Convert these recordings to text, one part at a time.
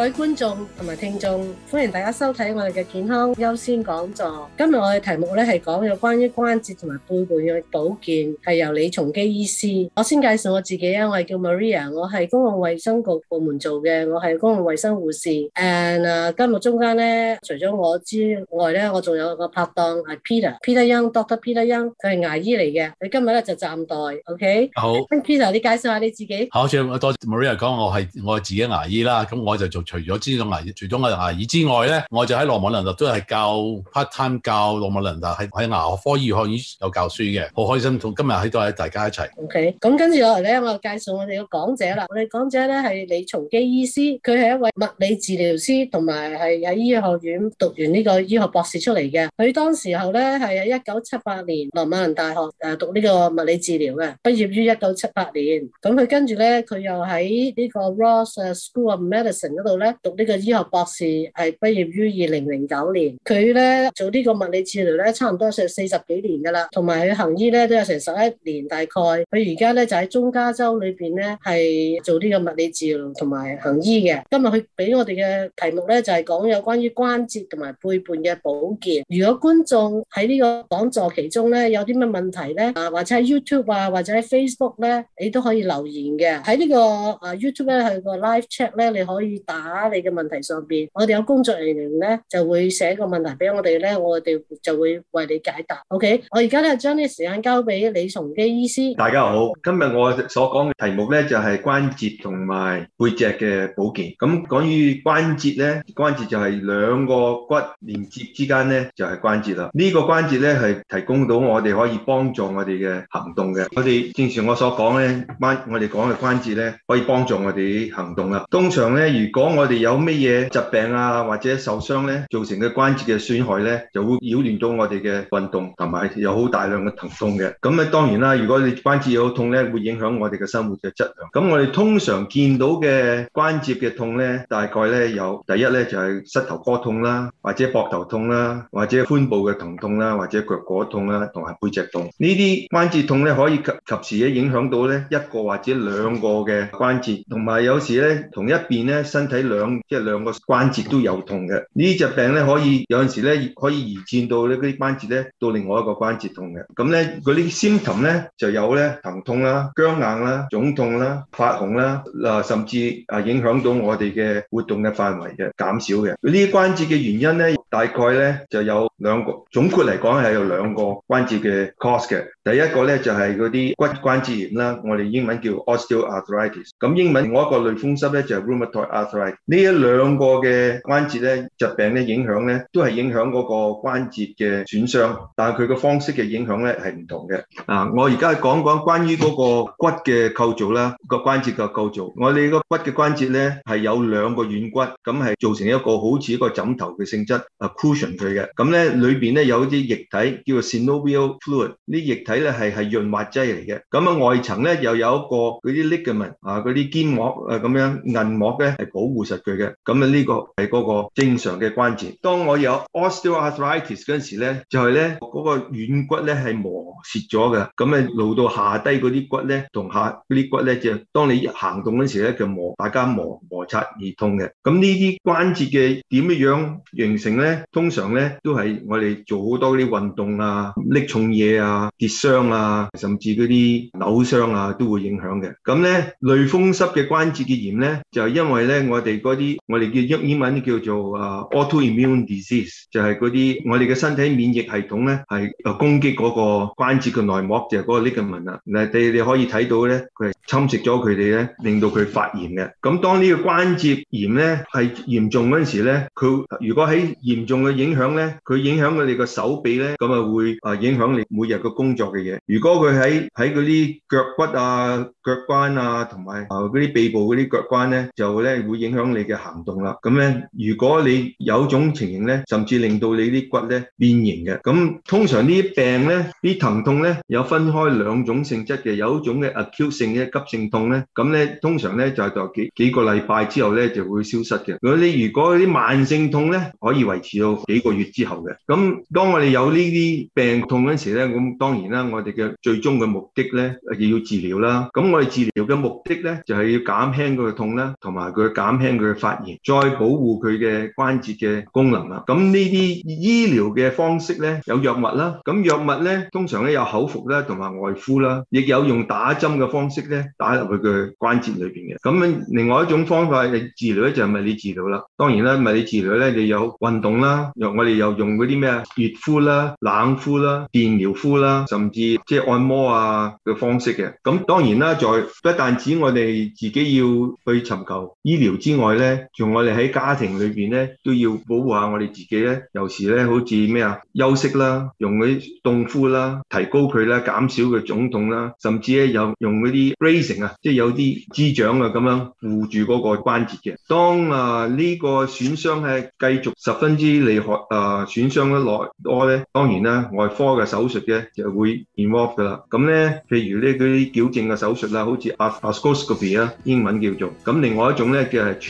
各位觀眾同埋聽眾，歡迎大家收睇我哋嘅健康優先講座。今日我嘅題目咧係講有關於關節同埋背部嘅保健，係由李松基醫師。我先介紹我自己啊，我係叫 Maria，我係公共衛生局部門做嘅，我係公共衛生護士。誒啊，今日中間咧，除咗我之外咧，我仲有個拍檔係 Peter，Peter Young，Doctor Peter Young，佢係牙醫嚟嘅。你今日咧就暫代，OK？好，Peter，你介紹下你自己。好，多謝 Maria 講，我係我係自己牙醫啦，咁我就做。除咗呢種牙，除咗牙醫之外咧，我就喺羅馬林達都係教 part time 教羅馬林達喺喺牙科醫學院有教書嘅，好開心。同今日喺度咧，大家一齊。O K，咁跟住落嚟咧，我就介紹我哋嘅講者啦。我哋講者咧係李松基醫師，佢係一位物理治療師，同埋係喺醫學院讀完呢個醫學博士出嚟嘅。佢當時候咧係喺一九七八年羅馬林大學誒讀呢個物理治療嘅，畢業於一九七八年。咁佢跟住咧，佢又喺呢個 Ross School of Medicine 嗰度。咧讀呢個醫學博士係畢業於二零零九年，佢咧做呢個物理治療咧，差唔多成四十幾年噶啦，同埋佢行醫咧都有成十一年，大概佢而家咧就喺、是、中加州裏邊咧係做呢個物理治療同埋行醫嘅。今日佢俾我哋嘅題目咧就係、是、講有關於關節同埋背叛嘅保健。如果觀眾喺呢個講座其中咧有啲咩問題咧，或者喺 YouTube 啊或者喺 Facebook 咧，你都可以留言嘅。喺呢個啊 YouTube 咧佢個 live chat 咧你可以打。打你嘅問題上邊，我哋有工作人員咧就會寫個問題俾我哋咧，我哋就會為你解答。OK，我而家咧將啲時間交俾李崇基醫師。大家好，今日我所講嘅題目咧就係、是、關節同埋背脊嘅保健。咁講於關節咧，關節就係兩個骨連接之間咧就係、是、關節啦。呢、這個關節咧係提供到我哋可以幫助我哋嘅行動嘅。我哋正如我所講咧關，我哋講嘅關節咧可以幫助我哋行動啦。通常咧如果我我哋有乜嘢疾病啊，或者受傷咧，造成嘅關節嘅損害咧，就會擾亂到我哋嘅運動，同埋有好大量嘅疼痛嘅。咁咧當然啦，如果你關節有好痛咧，會影響我哋嘅生活嘅質量。咁我哋通常見到嘅關節嘅痛咧，大概咧有第一咧就係膝頭哥痛啦，或者膊頭痛啦，或者髖部嘅疼痛啦，或者腳踝痛啦，同埋背脊痛。呢啲關節痛咧可以及及時嘅影響到咧一個或者兩個嘅關節，同埋有時咧同一邊咧身體。兩即係兩個關節都有痛嘅，呢隻病咧可以有陣時咧可以移轉到呢啲關節咧到另外一個關節痛嘅。咁咧嗰啲 symptom 咧就有咧疼痛啦、僵硬啦、腫痛啦、發紅啦，嗱甚至啊影響到我哋嘅活動嘅範圍嘅減少嘅。呢啲關節嘅原因咧大概咧就有兩個，總括嚟講係有兩個關節嘅 cause 嘅。第一個咧就係嗰啲骨關節炎啦，我哋英文叫 osteoarthritis。咁英文另一個類風濕咧就係 rheumatoid arthritis。呢一兩個嘅關節咧，疾病嘅影響咧，都係影響嗰個關節嘅損傷，但係佢個方式嘅影響咧係唔同嘅。啊，我而家講講關於嗰個骨嘅構造啦，個關節嘅構造。我哋個骨嘅關節咧係有兩個軟骨，咁係造成一個好似一個枕頭嘅性質，啊，cushion 佢嘅。咁咧裏邊咧有一啲液體，叫做 synovial fluid，啲液體咧係係潤滑劑嚟嘅。咁啊外層咧又有一個嗰啲 ligament，啊嗰啲肩膜啊咁樣韌膜咧係保護。佢嘅，咁啊呢個係嗰個正常嘅關節。當我有 osteoarthritis 嗰陣時咧，就係咧嗰個軟骨咧係磨蝕咗嘅，咁你露到下低嗰啲骨咧，同下嗰啲骨咧，就當你行動嗰陣時咧，就磨大家磨摩擦而痛嘅。咁呢啲關節嘅點樣形成咧？通常咧都係我哋做好多啲運動啊、拎重嘢啊、跌傷啊，甚至嗰啲扭傷啊，都會影響嘅。咁咧類風濕嘅關節炎咧，就係因為咧我哋。係嗰啲我哋叫英文叫做啊 autoimmune disease，就係嗰啲我哋嘅身體免疫系統咧，係啊攻擊嗰個關節嘅內膜，就係嗰個 ligament 嗱，你你可以睇到咧，佢係侵蝕咗佢哋咧，令到佢發炎嘅。咁當呢個關節炎咧係嚴重嗰陣時咧，佢如果喺嚴重嘅影響咧，佢影響佢哋嘅手臂咧，咁啊會啊影響你每日嘅工作嘅嘢。如果佢喺喺嗰啲腳骨啊、腳關啊，同埋啊嗰啲背部嗰啲腳關咧，就咧會影響。將你嘅行動啦，咁咧，如果你有種情形咧，甚至令到你啲骨咧變形嘅。咁通常呢啲病咧，啲疼痛咧有分開兩種性質嘅，有一種嘅 acute 性嘅急性痛咧，咁咧通常咧就係幾幾個禮拜之後咧就會消失嘅。如果你如果啲慢性痛咧，可以維持到幾個月之後嘅。咁當我哋有呢啲病痛嗰時咧，咁當然啦，我哋嘅最終嘅目的咧要治療啦。咁我哋治療嘅目的咧就係要減輕佢嘅痛啦，同埋佢減輕。佢嘅發炎，再保護佢嘅關節嘅功能啦。咁呢啲醫療嘅方式咧，有藥物啦。咁藥物咧，通常咧有口服啦，同埋外敷啦，亦有用打針嘅方式咧，打入佢嘅關節裏邊嘅。咁另外一種方法嘅治療咧，就係物理治療啦。當然啦，物理治療咧，你有運動啦，我哋又用嗰啲咩熱敷啦、冷敷啦、電療敷啦，甚至即係按摩啊嘅方式嘅。咁當然啦，再不單止我哋自己要去尋求醫療之外。另外咧，仲我哋喺家庭裏面咧都要保護下我哋自己咧。有時咧，好似咩啊，休息啦，用啲凍敷啦，提高佢啦，減少嘅腫痛啦，甚至咧有用嗰啲 bracing 啊，即係有啲支掌啊咁樣扶住嗰個關節嘅。當啊呢個損傷係繼續十分之厲害啊，損傷得耐多咧，當然啦，外科嘅手術咧就會 involve 噶啦。咁咧，譬如呢嗰啲矯正嘅手術啦，好似 arthroscopy 英文叫做。咁另外一種咧叫、就係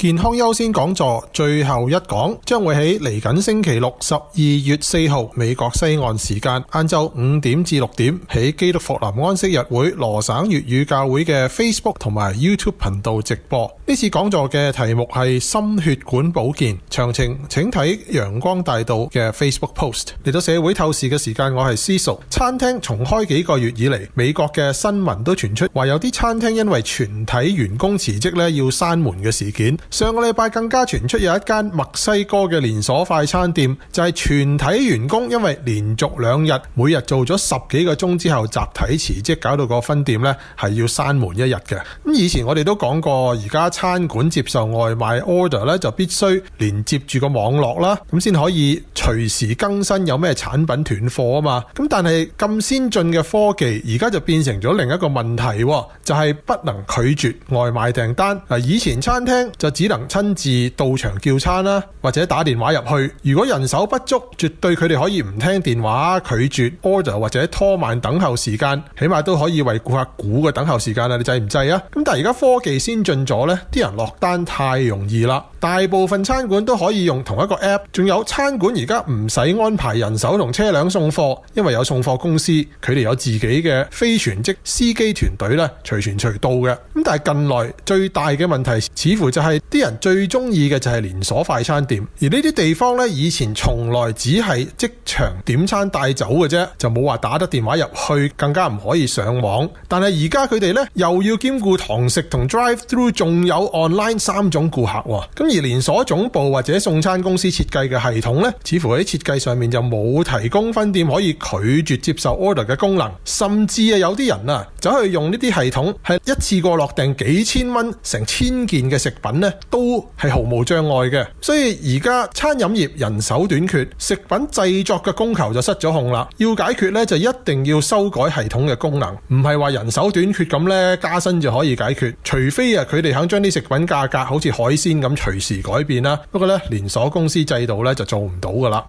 健康優先講座最後一講將會喺嚟緊星期六十二月四號美國西岸時間晏晝五點至六點喺基督復臨安息日會羅省粵語教會嘅 Facebook 同埋 YouTube 頻道直播。呢次講座嘅題目係心血管保健，詳情請睇陽光大道嘅 Facebook post。嚟到社會透視嘅時間，我係思熟。餐廳重開幾個月以嚟，美國嘅新聞都傳出話有啲餐廳因為全體員工辭職咧要閂門嘅事件。上個禮拜更加傳出有一間墨西哥嘅連鎖快餐店，就係全體員工因為連續兩日每日做咗十幾個鐘之後集體辭職，搞到個分店咧係要閂門一日嘅。咁以前我哋都講過，而家餐館接受外賣 order 咧就必須連接住個網絡啦，咁先可以隨時更新有咩產品斷貨啊嘛。咁但係咁先進嘅科技，而家就變成咗另一個問題，就係不能拒絕外賣訂單。以前餐廳就～只能親自到場叫餐啦，或者打電話入去。如果人手不足，絕對佢哋可以唔聽電話，拒絕 order 或者拖慢等候時間，起碼都可以為顧客估個等候時間啦。你制唔制啊？咁但係而家科技先進咗呢，啲人落單太容易啦。大部分餐館都可以用同一個 app，仲有餐館而家唔使安排人手同車輛送貨，因為有送貨公司，佢哋有自己嘅非全職司機團隊咧，隨傳隨到嘅。咁但係近來最大嘅問題，似乎就係、是、啲人最中意嘅就係連鎖快餐店，而呢啲地方呢，以前從來只係即場點餐帶走嘅啫，就冇話打得電話入去，更加唔可以上網。但係而家佢哋呢，又要兼顧堂食同 drive through，仲有 online 三種顧客喎。而連鎖總部或者送餐公司設計嘅系統呢，似乎喺設計上面就冇提供分店可以拒絕接受 order 嘅功能，甚至啊有啲人啊走去用呢啲系統，係一次過落訂幾千蚊成千件嘅食品呢，都係毫無障礙嘅。所以而家餐飲業人手短缺，食品製作嘅供求就失咗控啦。要解決呢，就一定要修改系統嘅功能，唔係話人手短缺咁呢，加薪就可以解決，除非啊佢哋肯將啲食品價格好似海鮮咁除。時改變啦，不過咧連鎖公司制度咧就做唔到噶啦。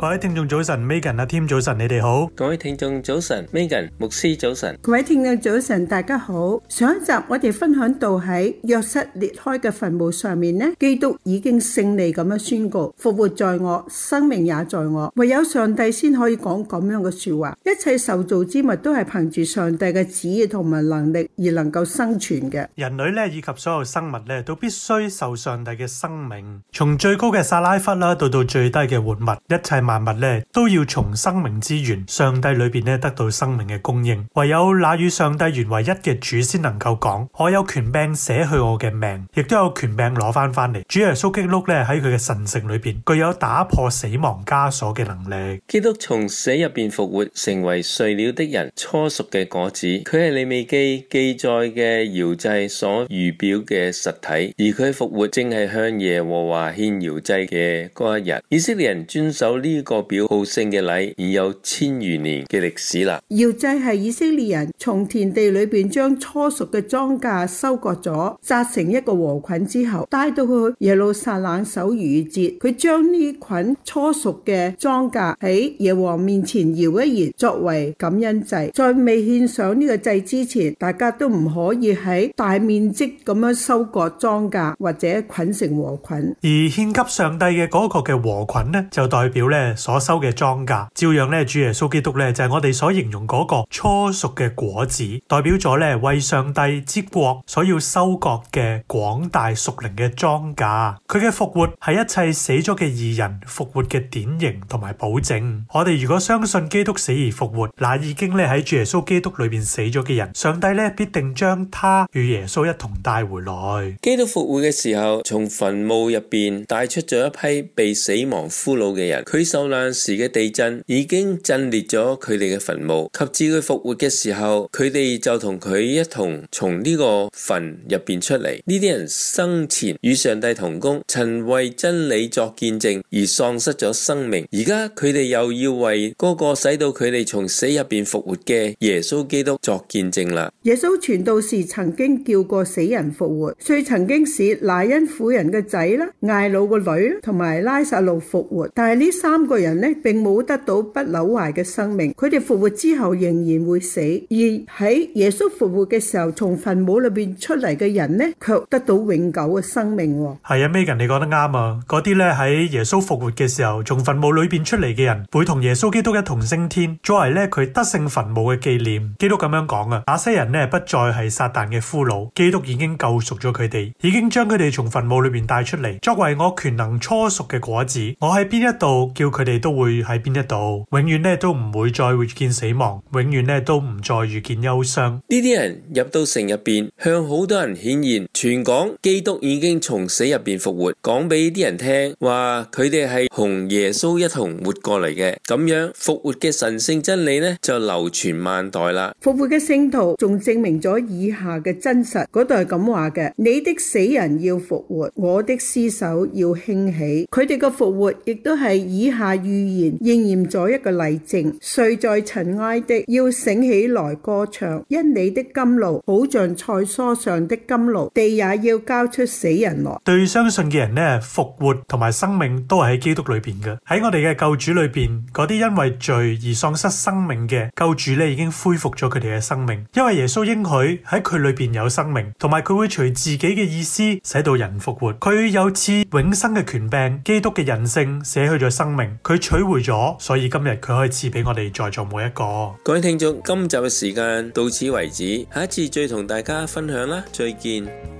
各位聽眾早晨，Megan 啊，Tim 早晨，你哋好。各位聽眾早晨，Megan 牧師早晨。各位聽眾早晨，大家好。上一集我哋分享到喺約瑟裂開嘅墳墓上面咧，基督已經勝利咁樣宣告復活在我，生命也在我。唯有上帝先可以講咁樣嘅說話。一切受造之物都係憑住上帝嘅旨意同埋能力而能夠生存嘅。人類咧以及所有生物咧都必須受上帝嘅生命，從最高嘅撒拉弗啦到到最低嘅活物，一切物。萬物咧都要從生命之源上帝裏邊咧得到生命嘅供應，唯有那與上帝原為一嘅主先能夠講，我有權柄捨去我嘅命，亦都有權柄攞翻翻嚟。主耶穌基督咧喺佢嘅神性裏邊，具有打破死亡枷鎖嘅能力。基督從死入邊復活，成為碎了的人初熟嘅果子。佢係利未記記載嘅搖祭所預表嘅實體，而佢復活正係向耶和華獻搖祭嘅嗰一日。以色列人遵守呢、這個。呢個表號性嘅禮已有千餘年嘅歷史啦。搖祭係以色列人從田地裏邊將初熟嘅莊稼收割咗，紮成一個禾捆之後，帶到去耶路撒冷守逾節。佢將呢捆初熟嘅莊稼喺耶和面前搖一搖，作為感恩祭。在未獻上呢個祭之前，大家都唔可以喺大面積咁樣收割莊稼或者捆成禾捆。而獻給上帝嘅嗰個嘅禾捆呢，就代表呢。所收嘅莊稼，照樣咧，主耶穌基督咧，就係我哋所形容嗰個初熟嘅果子，代表咗咧為上帝之國所要收割嘅廣大屬靈嘅莊稼。佢嘅復活係一切死咗嘅義人復活嘅典型同埋保證。我哋如果相信基督死而復活，嗱，已經咧喺主耶穌基督裏邊死咗嘅人，上帝咧必定將他與耶穌一同帶回來。基督復活嘅時候，從墳墓入邊帶出咗一批被死亡俘虜嘅人，佢受。受難時嘅地震已經震裂咗佢哋嘅墳墓，及至佢復活嘅時候，佢哋就同佢一同從呢個墳入邊出嚟。呢啲人生前與上帝同工，曾為真理作見證而喪失咗生命，而家佢哋又要為嗰個使到佢哋從死入邊復活嘅耶穌基督作見證啦。耶穌傳道時曾經叫過死人復活，所以曾經使拿因婦人嘅仔啦、睚魯個女同埋拉撒路復活，但係呢三。三個人咧並冇得到不朽壞嘅生命，佢哋復活之後仍然會死。而喺耶穌復活嘅時候，從墳墓裏邊出嚟嘅人咧，卻得到永久嘅生命。係啊，Megan，你講得啱啊！嗰啲咧喺耶穌復活嘅時候，從墳墓裏邊出嚟嘅人，會同耶穌基督一同升天，作為咧佢得勝墳墓嘅紀念。基督咁樣講啊，那些人咧不再係撒但嘅俘虜，基督已經救贖咗佢哋，已經將佢哋從墳墓裏邊帶出嚟，作為我權能初熟嘅果子。我喺邊一度叫。佢哋都會喺邊一度，永遠咧都唔會再遇見死亡，永遠咧都唔再遇見憂傷。呢啲人入到城入面，向好多人顯現。全港基督已經從死入邊復活，講俾啲人聽話，佢哋係同耶穌一同活過嚟嘅，咁樣復活嘅神聖真理呢就流傳萬代啦。復活嘅聖徒仲證明咗以下嘅真實，嗰度係咁話嘅：你的死人要復活，我的屍首要興起。佢哋嘅復活亦都係以下預言應驗咗一個例證：睡在塵埃的要醒起來歌唱，因你的甘露好像菜蔬上的甘露。也要交出死人來，對相信嘅人呢，復活同埋生命都係喺基督裏邊嘅。喺我哋嘅救主裏邊，嗰啲因為罪而喪失生命嘅救主呢，已經恢復咗佢哋嘅生命，因為耶穌應許喺佢裏邊有生命，同埋佢會隨自己嘅意思使到人復活。佢有賜永生嘅權柄，基督嘅人性寫去咗生命，佢取回咗，所以今日佢可以賜俾我哋在座每一個。各位聽眾，今集嘅時間到此為止，下一次再同大家分享啦，再見。